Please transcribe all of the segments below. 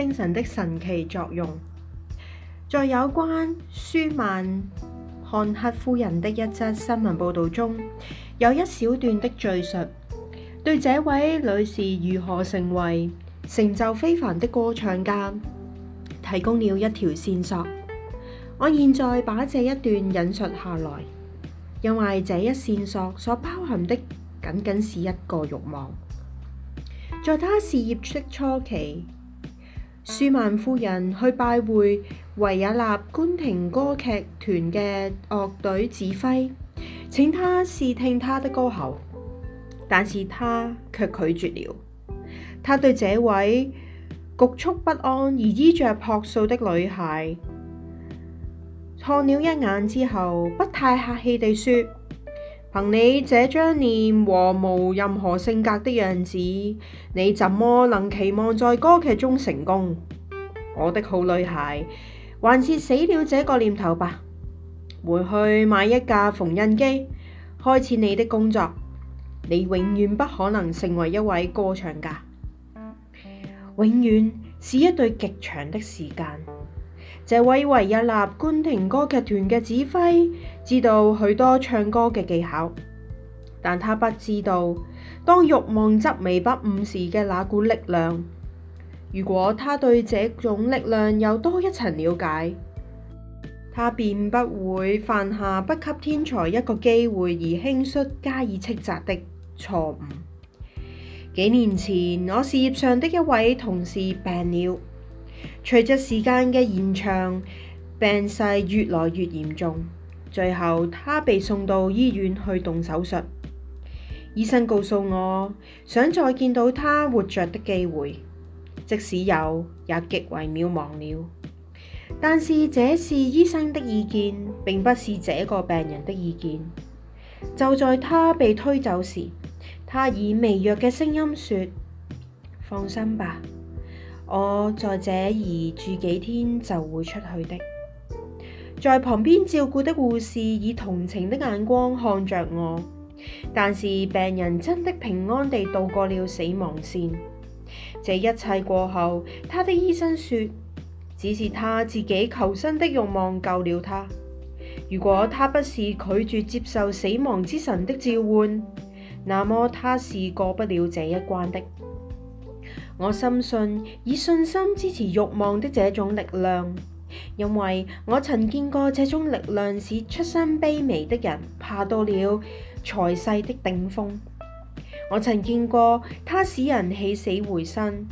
精神的神奇作用，在有關舒曼漢克夫人的一則新聞報道中，有一小段的敘述，對這位女士如何成為成就非凡的歌唱家提供了一條線索。我現在把這一段引述下來，因為這一線索所包含的僅僅是一個欲望，在她事業的初期。舒曼夫人去拜會維也納宮廷歌劇團嘅樂隊指揮，請他試聽他的歌喉，但是他卻拒絕了。他對這位局促不安而衣着樸素的女孩看了一眼之後，不太客氣地說。憑你這張臉和無任何性格的樣子，你怎麼能期望在歌劇中成功？我的好女孩，還是死了這個念頭吧。回去買一架縫紉機，開始你的工作。你永遠不可能成為一位歌唱家，永遠是一對極長的時間。這位維也納宮廷歌劇團嘅指揮知道許多唱歌嘅技巧，但他不知道當欲望執迷不悟時嘅那股力量。如果他對這種力量有多一層了解，他便不會犯下不給天才一個機會而輕率加以斥責的錯誤。幾年前，我事業上的一位同事病了。隨着時間嘅延長，病勢越來越嚴重，最後他被送到醫院去動手術。醫生告訴我，想再見到他活着的機會，即使有，也極為渺茫了。但是這是醫生的意見，並不是這個病人的意見。就在他被推走時，他以微弱嘅聲音說：放心吧。我在這兒住幾天就會出去的。在旁邊照顧的護士以同情的眼光看着我，但是病人真的平安地度過了死亡線。這一切過後，他的醫生說，只是他自己求生的慾望救了他。如果他不是拒絕接受死亡之神的召喚，那麼他是過不了這一關的。我深信以信心支持欲望的這種力量，因為我曾見過這種力量使出身卑微的人爬到了財勢的頂峰。我曾見過他使人起死回生。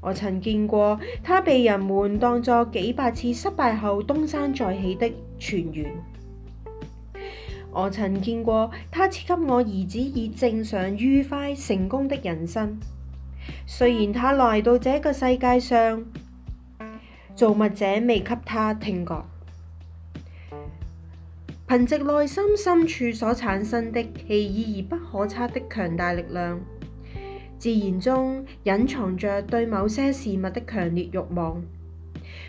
我曾見過他被人們當作幾百次失敗後東山再起的泉源。我曾見過他賜給我兒子以正常、愉快、成功的人生。雖然他來到這個世界上，造物者未給他聽覺，憑藉內心深，深處所產生的奇異而不可測的強大力量，自然中隱藏着對某些事物的強烈慾望。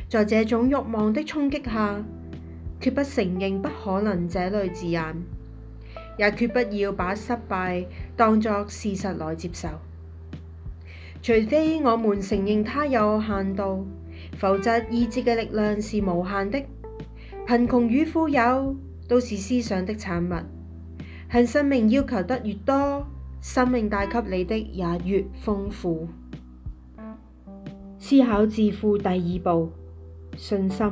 在這種慾望的衝擊下，決不承認不可能這類字眼，也決不要把失敗當作事實來接受。除非我們承認它有限度，否則意志嘅力量是無限的。貧窮與富有都是思想的產物。向生命要求得越多，生命帶給你的也越豐富。思考致富第二步，信心。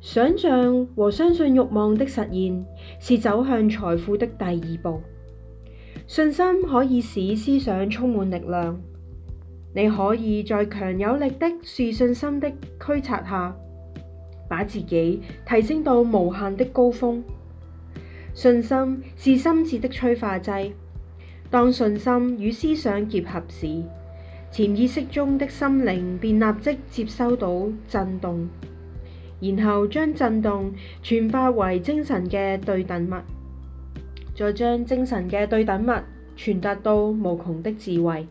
想象和相信欲望的實現是走向財富的第二步。信心可以使思想充滿力量。你可以在強有力的自信心的驅策下，把自己提升到無限的高峰。信心是心智的催化劑。當信心與思想結合時，潛意識中的心靈便立即接收到震動，然後將震動轉化為精神嘅對等物。再將精神嘅對等物傳達到無窮的智慧。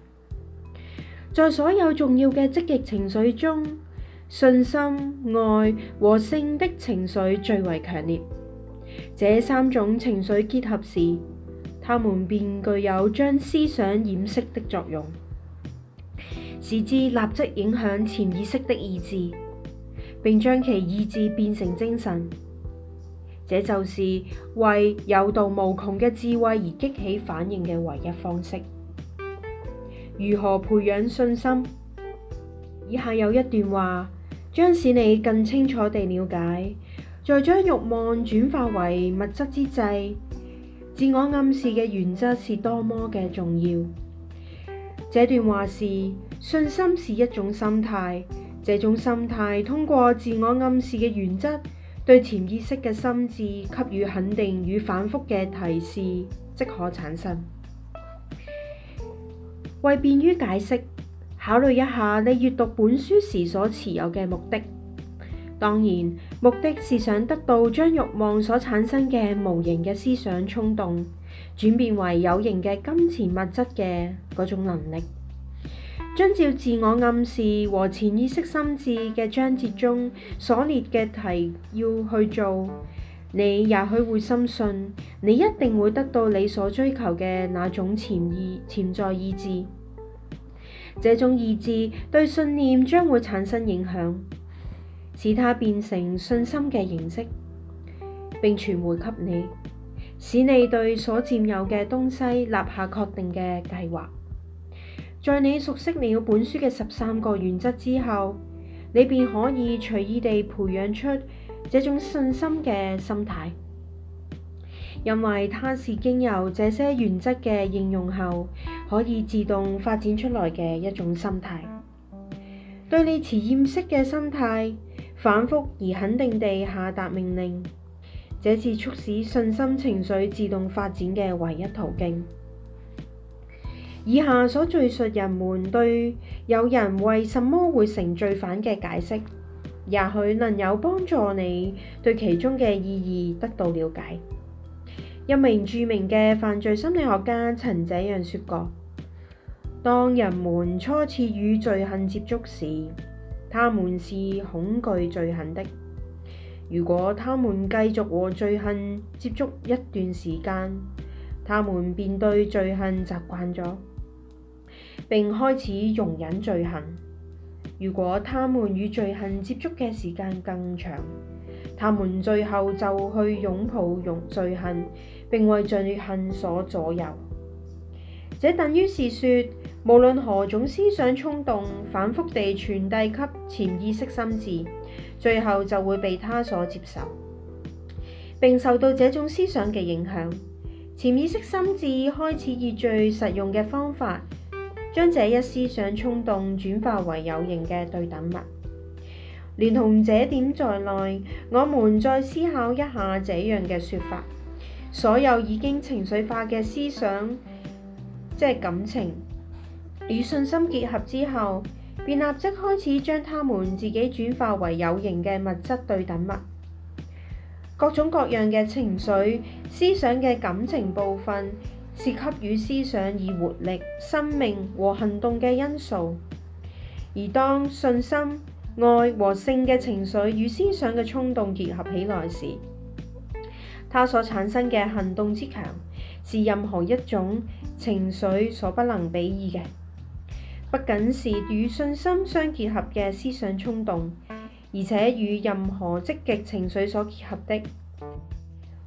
在所有重要嘅積極情緒中，信心、愛和性的情緒最為強烈。這三種情緒結合時，他們便具有將思想掩飾的作用，使之立即影響潛意識的意志，並將其意志變成精神。這就是為有道無窮嘅智慧，而激起反應嘅唯一方式。如何培養信心？以下有一段話，將使你更清楚地了解，在將欲望轉化為物質之際，自我暗示嘅原則是多麼嘅重要。這段話是：信心是一種心態，這種心態通過自我暗示嘅原則。對潛意識嘅心智給予肯定與反複嘅提示，即可產生。為便於解釋，考慮一下你閱讀本書時所持有嘅目的。當然，目的是想得到將欲望所產生嘅無形嘅思想衝動轉變為有形嘅金錢物質嘅嗰種能力。遵照自我暗示和潛意識心智嘅章節中所列嘅題要去做，你也許會深信，你一定會得到你所追求嘅那種潛意潛在意志。這種意志對信念將會產生影響，使它變成信心嘅形式，並傳回給你，使你對所佔有嘅東西立下確定嘅計劃。在你熟悉了本書嘅十三個原則之後，你便可以隨意地培養出這種信心嘅心態，因為它是經由這些原則嘅應用後，可以自動發展出來嘅一種心態。對你潛意識嘅心態，反復而肯定地下達命令，這是促使信心情緒自動發展嘅唯一途徑。以下所敘述人們對有人為什麼會成罪犯嘅解釋，也許能有幫助你對其中嘅意義得到了解。一名著名嘅犯罪心理學家曾這樣說過：當人們初次與罪行接觸時，他們是恐懼罪行的；如果他們繼續和罪行接觸一段時間，他們便對罪行習慣咗。並開始容忍罪行。如果他們與罪恨接觸嘅時間更長，他們最後就去擁抱容罪恨，並為罪恨所左右。這等於是說，無論何種思想衝動，反覆地傳遞給潛意識心智，最後就會被他所接受，並受到這種思想嘅影響。潛意識心智開始以最實用嘅方法。將這一思想衝動轉化為有形嘅對等物，連同這點在內，我們再思考一下這樣嘅說法：所有已經情緒化嘅思想，即係感情，與信心結合之後，便立即開始將他們自己轉化為有形嘅物質對等物。各種各樣嘅情緒、思想嘅感情部分。是給予思想以活力、生命和行動嘅因素。而當信心、愛和性嘅情緒與思想嘅衝動結合起來時，它所產生嘅行動之強，是任何一種情緒所不能比擬嘅。不僅是與信心相結合嘅思想衝動，而且與任何積極情緒所結合的。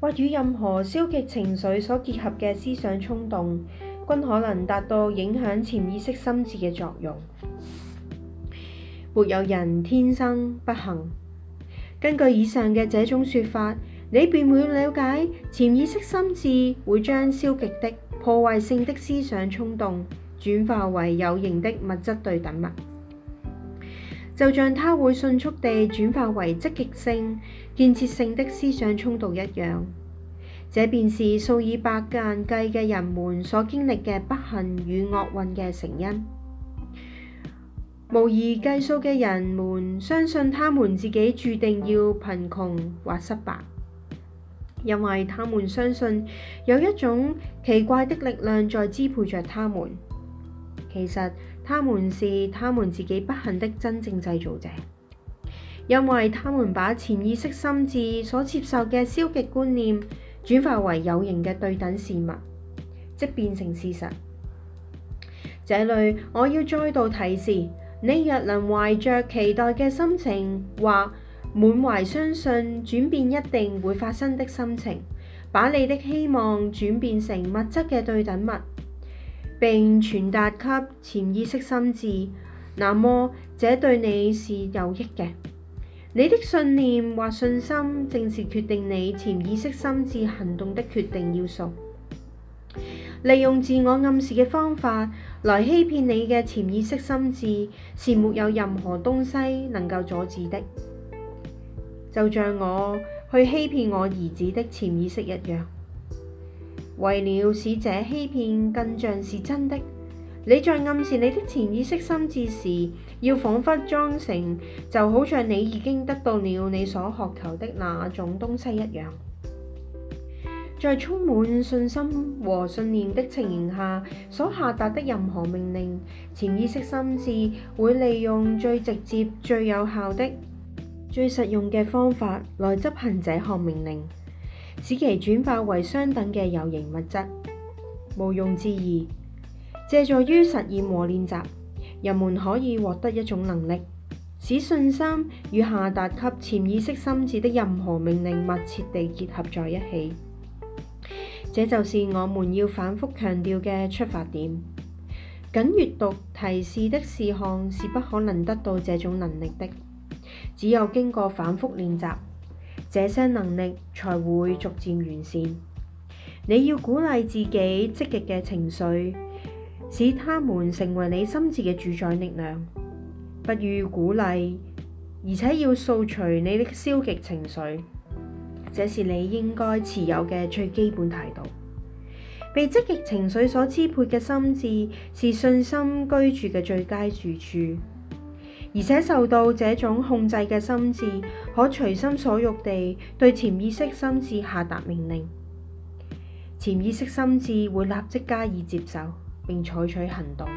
或與任何消極情緒所結合嘅思想衝動，均可能達到影響潛意識心智嘅作用。沒有人天生不幸。根據以上嘅這種說法，你便會了解潛意識心智會將消極的、破壞性的思想衝動轉化為有形的物質對等物。就像他會迅速地轉化為積極性、建設性的思想衝動一樣，這便是數以百萬計嘅人們所經歷嘅不幸與惡運嘅成因。無以計數嘅人們相信他們自己注定要貧窮或失敗，因為他們相信有一種奇怪的力量在支配着他們。其實，他們是他們自己不幸的真正製造者，因為他們把潛意識心智所接受嘅消極觀念轉化為有形嘅對等事物，即變成事實。這裏我要再度提示：你若能懷着期待嘅心情或滿懷相信轉變一定會發生的心情，把你的希望轉變成物質嘅對等物。並傳達給潛意識心智，那麼這對你是有益嘅。你的信念或信心，正是決定你潛意識心智行動的決定要素。利用自我暗示嘅方法來欺騙你嘅潛意識心智，是沒有任何東西能夠阻止的。就像我去欺騙我兒子的潛意識一樣。為了使這欺騙更像是真的，你在暗示你的潛意識心智時要仿佛裝成就好像你已經得到了你所渴求的那種東西一樣。在充滿信心和信念的情形下，所下達的任何命令，潛意識心智會利用最直接、最有效的、最實用嘅方法來執行這項命令。使其轉化為相等嘅有形物質，毋庸置疑。借助於實驗和練習，人們可以獲得一種能力，使信心與下達給潛意識心智的任何命令密切地結合在一起。這就是我們要反覆強調嘅出發點。僅閱讀提示的事項是不可能得到這種能力的，只有經過反覆練習。這些能力才會逐漸完善。你要鼓勵自己積極嘅情緒，使他們成為你心智嘅主宰力量。不予鼓勵，而且要掃除你嘅消極情緒，這是你應該持有嘅最基本態度。被積極情緒所支配嘅心智，是信心居住嘅最佳住處。而且受到這種控制嘅心智，可隨心所欲地對潛意識心智下達命令。潛意識心智會立即加以接受，並採取行動。